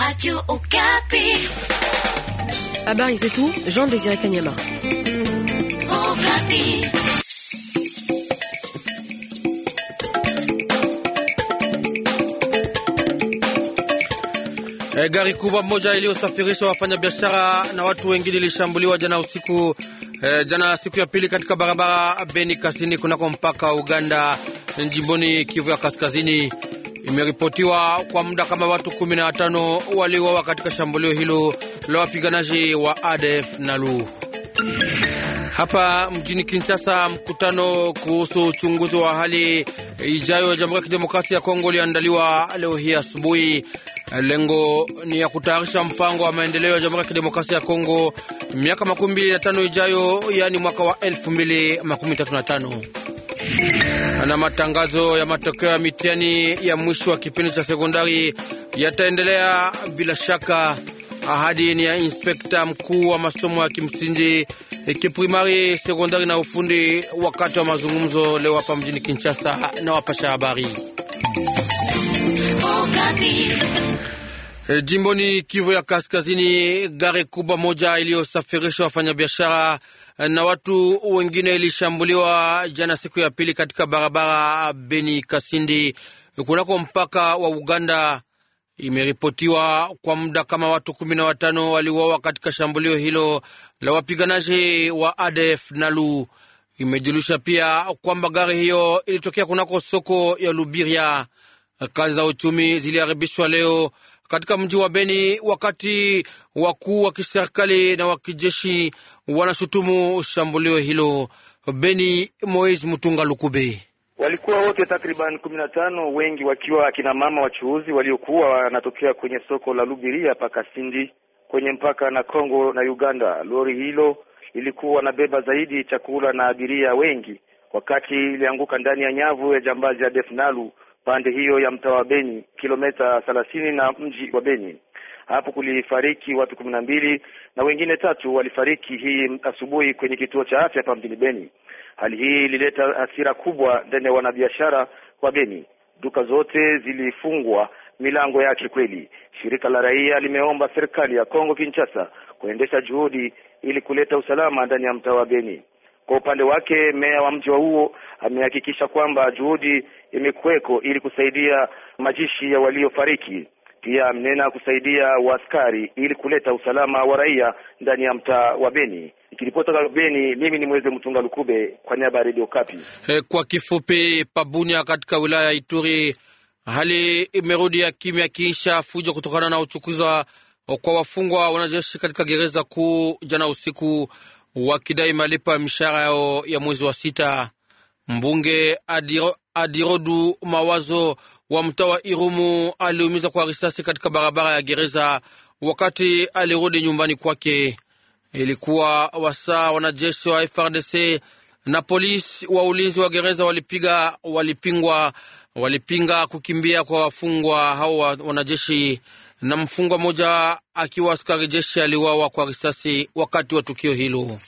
Radio Okapi. Habari zetu Jean Désiré Kanyama. Okapi. E, gari kubwa moja iliyosafirisha wafanyabiashara na watu wengine ilishambuliwa jana usiku e, jana siku ya pili katika barabara Beni Kasini kunako mpaka Uganda njimboni Kivu ya Kaskazini. Imeripotiwa kwa muda kama watu 15 waliuawa katika shambulio hilo la wapiganaji wa ADF na lu Hapa mjini Kinshasa, mkutano kuhusu uchunguzi wa hali ijayo ya Jamhuri ya Kidemokrasia ya Kongo uliandaliwa leo hii asubuhi. Lengo ni ya kutayarisha mpango wa maendeleo ya Jamhuri ya Kidemokrasia ya Kongo miaka makumi mbili na tano ijayo, yaani mwaka wa elfu mbili makumi tatu na tano na matangazo ya matokeo ya mitihani ya mwisho wa kipindi cha sekondari yataendelea bila shaka. Ahadi ni ya inspekta mkuu wa masomo ya kimsingi, eh, kiprimari, sekondari na ufundi, wakati wa mazungumzo leo hapa mjini Kinshasa na wapasha habari oh, jimboni Kivu ya Kaskazini, gari kubwa moja iliyosafirisha wafanyabiashara na watu wengine ilishambuliwa jana siku ya pili katika barabara Beni Kasindi kunako mpaka wa Uganda. Imeripotiwa kwa muda kama watu kumi na watano waliuawa katika shambulio hilo la wapiganaji wa ADF Nalu. Imejulisha pia kwamba gari hiyo ilitokea kunako soko ya Lubiria. Kazi za uchumi ziliharibishwa leo katika mji wa Beni, wakati wakuu wa kiserikali na wa kijeshi wanashutumu shambulio hilo. Beni, Moise Mutunga Lukube walikuwa wote takriban kumi na tano, wengi wakiwa akina mama wachuuzi waliokuwa wanatokea kwenye soko la Lubiria Pakasindi kwenye mpaka na Kongo na Uganda. Lori hilo lilikuwa wanabeba zaidi chakula na abiria wengi, wakati ilianguka ndani ya nyavu ya jambazi ya Defnalu pande hiyo ya mtaa wa Beni, kilomita thelathini na mji wa Beni. Hapo kulifariki watu kumi na mbili na wengine tatu walifariki hii asubuhi kwenye kituo cha afya hapa mjini Beni. Hali hii ilileta hasira kubwa ndani ya wanabiashara wa Beni. Duka zote zilifungwa milango yake kweli. Shirika la raia limeomba serikali ya Kongo Kinshasa kuendesha juhudi ili kuleta usalama ndani ya mtaa wa Beni. Kwa upande wake, meya wa mji wa huo amehakikisha kwamba juhudi imekuweko ili kusaidia majishi ya waliofariki, pia mnena kusaidia waaskari ili kuleta usalama wa raia ndani ya mtaa wa Beni. Nikiripota Beni, mimi ni Mweze Mtunga Lukube kwa niaba ya redio Kapi. He, eh, kwa kifupi, Pabunia katika wilaya ya Ituri hali imerudi ya kimya kiisha fujo kutokana na uchukuzwa kwa wafungwa wanajeshi katika gereza kuu jana usiku, wakidai malipo ya mishahara yao ya mwezi wa sita. Mbunge Adirodu Mawazo wa mtaa wa Irumu aliumiza kwa risasi katika barabara ya gereza wakati alirudi nyumbani kwake. Ilikuwa wasaa wanajeshi wa FRDC na polisi wa ulinzi wa gereza walipiga walipingwa walipinga kukimbia kwa wafungwa hao wanajeshi, na mfungwa mmoja akiwa askari jeshi aliwawa kwa risasi wakati wa tukio hilo.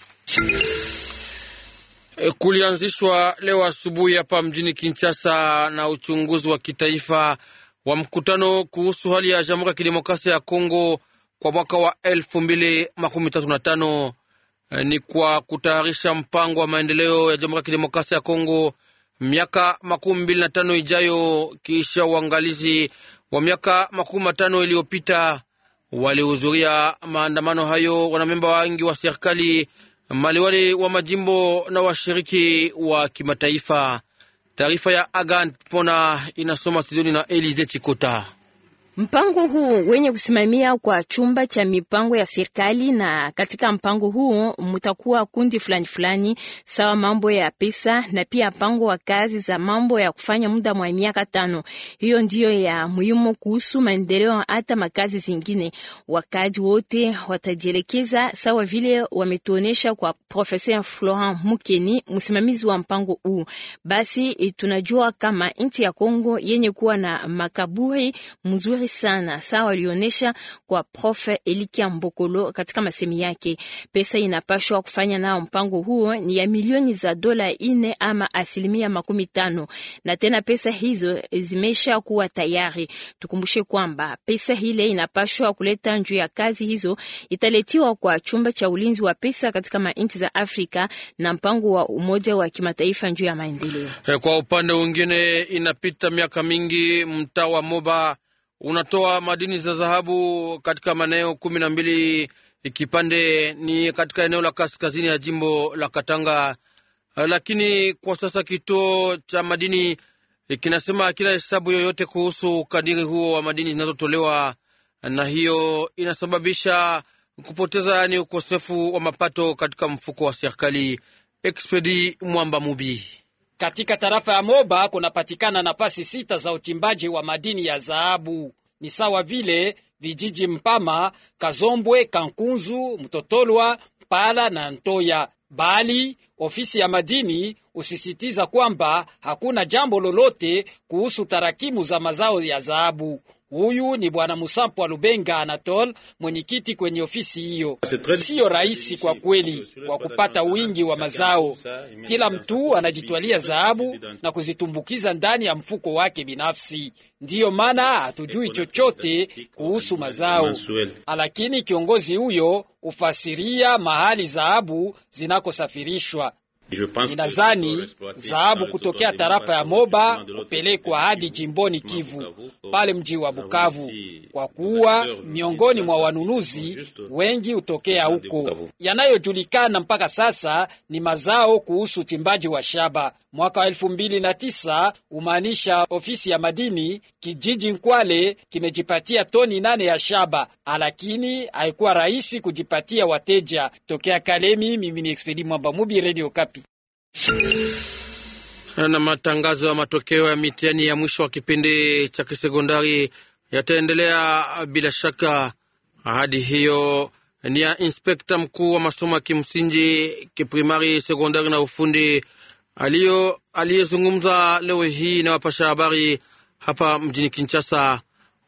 Eh, kulianzishwa leo asubuhi hapa mjini Kinshasa na uchunguzi wa kitaifa wa mkutano kuhusu hali ya Jamhuri ya Kidemokrasia ya Kongo kwa mwaka wa elfu mbili makumi tatu na tano eh, ni kwa kutayarisha mpango wa maendeleo ya Jamhuri ya Kidemokrasia ya Kongo miaka makumi mbili na tano ijayo, kisha uangalizi wa miaka makumi matano iliyopita. Walihudhuria maandamano hayo wanamemba wengi wa serikali maliwali wa majimbo na washiriki wa kimataifa. Taarifa ya agant Pona inasoma Sidoni na Elize Chikota. Mpango huu wenye kusimamia kwa chumba cha mipango ya serikali, na katika mpango huu mtakuwa kundi fulani fulani, sawa mambo ya pesa na pia mpango wa kazi za mambo ya kufanya muda wa miaka tano. Hiyo ndiyo ya muhimu kuhusu maendeleo, hata makazi zingine. Wakati wote watajielekeza sawa vile wametuonesha kwa Profesa Florent Mukeni, msimamizi wa mpango huu. Basi tunajua kama nchi ya Kongo yenye kuwa na makaburi mzuri hatari sana, sawa alionyesha kwa prof Elikia Mbokolo katika masemi yake. Pesa inapashwa kufanya nao mpango huo ni ya milioni za dola ine ama asilimia makumi tano, na tena pesa hizo zimesha kuwa tayari. Tukumbushe kwamba pesa hile inapashwa kuleta njuu ya kazi hizo italetiwa kwa chumba cha ulinzi wa pesa katika manchi za Afrika na mpango wa Umoja wa Kimataifa njuu ya maendeleo. Eh, kwa upande mwingine, inapita miaka mingi mtaa wa Moba unatoa madini za dhahabu katika maeneo kumi na mbili. Kipande ni katika eneo la kaskazini ya jimbo la Katanga, lakini kwa sasa kituo cha madini eh, kinasema kila hesabu yoyote kuhusu ukadiri huo wa madini zinazotolewa, na hiyo inasababisha kupoteza yaani ukosefu wa mapato katika mfuko wa serikali. Expedi Mwamba Mubi katika tarafa ya Moba kunapatikana nafasi sita za uchimbaji wa madini ya dhahabu, ni sawa vile vijiji Mpama, Kazombwe, Kankunzu, Mtotolwa, Mpala na Ntoya. Bali ofisi ya madini husisitiza kwamba hakuna jambo lolote kuhusu tarakimu za mazao ya dhahabu. Huyu ni bwana musampo wa Lubenga Anatol, mwenyekiti kwenye ofisi hiyo. Siyo rahisi kwa kweli kwa kupata wingi wa mazao, kila mtu anajitwalia dhahabu na kuzitumbukiza ndani ya mfuko wake binafsi. Ndiyo maana hatujui chochote kuhusu mazao, lakini kiongozi huyo hufasiria mahali dhahabu zinakosafirishwa ninazani dhahabu kutokea tarafa ya Moba kupelekwa hadi jimboni Kivu pale mji wa Bukavu, kwa kuwa miongoni mwa wanunuzi wengi hutokea huko. Yanayojulikana mpaka sasa ni mazao kuhusu uchimbaji wa shaba. Mwaka wa elfu mbili na tisa humaanisha ofisi ya madini kijiji Nkwale kimejipatia toni nane ya shaba, lakini haikuwa rahisi kujipatia wateja tokea Kalemi. Mimi ni Expedi Mwamba Mubi, Radio Kapi. Na matangazo ya matokeo ya mitihani ya mwisho wa kipindi cha kisekondari yataendelea bila shaka. Ahadi hiyo ni ya inspekta mkuu wa masomo ya kimsingi, kiprimari, sekondari na ufundi aliyezungumza leo hii na wapasha habari hapa mjini Kinshasa.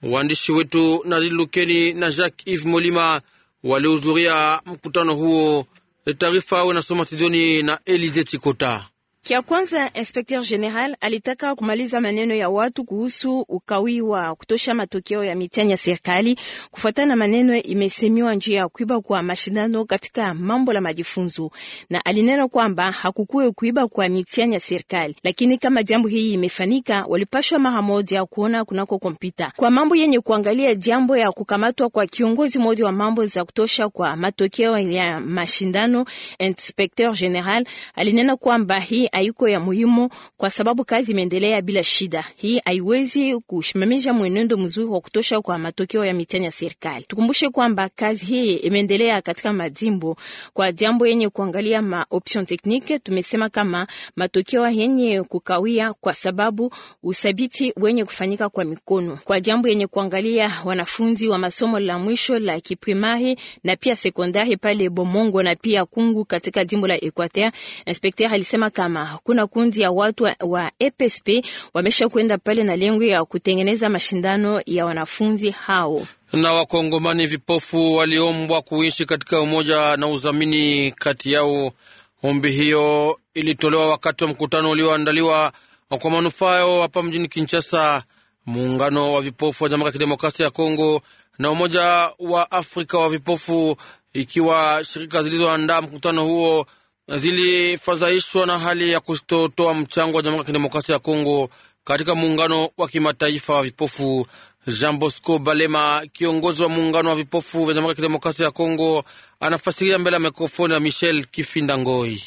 Waandishi wetu Nadine Lukeni na Jacques Yves Molima walihudhuria mkutano huo E taarifa unasoma studioni na Elize Chikota. Kia kwanza, inspekteur general alitaka kumaliza maneno ya watu kuhusu ukawi wa kutosha matokeo ya mitihani ya serikali kufuatana na maneno imesemiwa njia ya kuiba kwa mashindano katika mambo la majifunzo, na alinena kwamba hakukuwe kuiba kwa mitihani ya serikali, lakini kama jambo hii imefanika, walipashwa mara moja kuona kunako kompyuta kwa mambo yenye kuangalia jambo ya kukamatwa kwa kiongozi mmoja wa mambo za kutosha kwa matokeo ya mashindano. Inspekteur general alinena kwamba hii haiko ya muhimu, kwa sababu kazi imeendelea bila shida. Hii haiwezi kushimamisha mwenendo mzuri wa kutosha kwa matokeo ya mitihani ya serikali. Tukumbushe kwamba kazi hii imeendelea katika majimbo. Kwa jambo yenye kuangalia ma option technique, tumesema kama matokeo yenye kukawia kwa sababu usabiti wenye kufanyika kwa mikono. Kwa jambo yenye kuangalia wanafunzi wa masomo la mwisho la kiprimari na pia sekondari pale Bomongo na pia Kungu katika jimbo la Equateur, inspekta alisema kama kuna kundi ya watu wa, wa EPSP wamesha kwenda pale na lengo ya kutengeneza mashindano ya wanafunzi hao na wakongomani vipofu waliombwa kuishi katika umoja na uzamini kati yao. Ombi hiyo ilitolewa wakati wa mkutano ulioandaliwa kwa manufaa yao hapa mjini Kinshasa. Muungano wa vipofu wa Jamhuri ya Kidemokrasia ya Kongo na Umoja wa Afrika wa vipofu, ikiwa shirika zilizoandaa mkutano huo zilifadhaishwa na hali ya kutotoa mchango wa Jamhuri ya Kidemokrasia ya Kongo katika muungano wa kimataifa wa vipofu. Jean Bosco Balema, kiongozi wa muungano wa vipofu vya Jamhuri ya Kidemokrasia ya Kongo, anafasiria mbele ya mikrofoni ya Michel Kifinda Ngoi.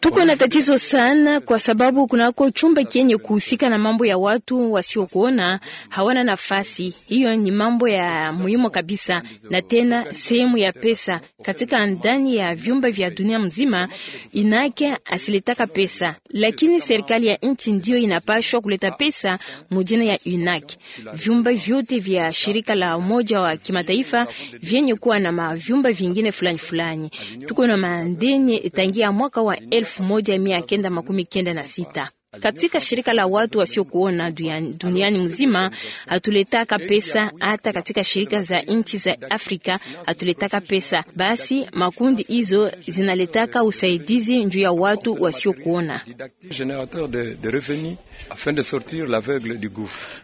Tuko na tatizo sana kwa sababu kunako chumba kienye kuhusika na mambo ya watu wasiokuona hawana nafasi. Hiyo ni mambo ya muhimu kabisa, na tena sehemu ya pesa katika ndani ya vyumba vya dunia mzima inake asilitaka pesa lakini serikali ya nchi ndiyo inapashwa kuleta pesa mujina ya UNAC. Vyumba vyote vya shirika la Umoja wa Kimataifa vyenye kuwa na mavyumba vingine fulani fulani, tuko na mandeni tangia mwaka wa elfu moja mia kenda makumi kenda na sita katika shirika la watu wasiokuona duniani mzima hatuletaka pesa, hata katika shirika za nchi za Afrika hatuletaka pesa. Basi makundi hizo zinaletaka usaidizi juu ya watu wasiokuona.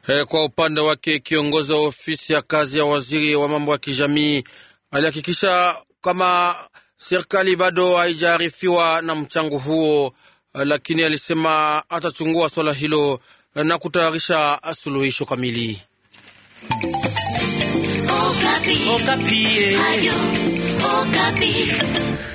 Eh, kwa upande wake, kiongozi wa ofisi ya kazi ya waziri wa mambo ya kijamii alihakikisha kama serikali bado haijaarifiwa na mchango huo lakini alisema atachungua swala hilo na kutayarisha suluhisho kamili. Okapi. Oh, Okapi. Oh, eh.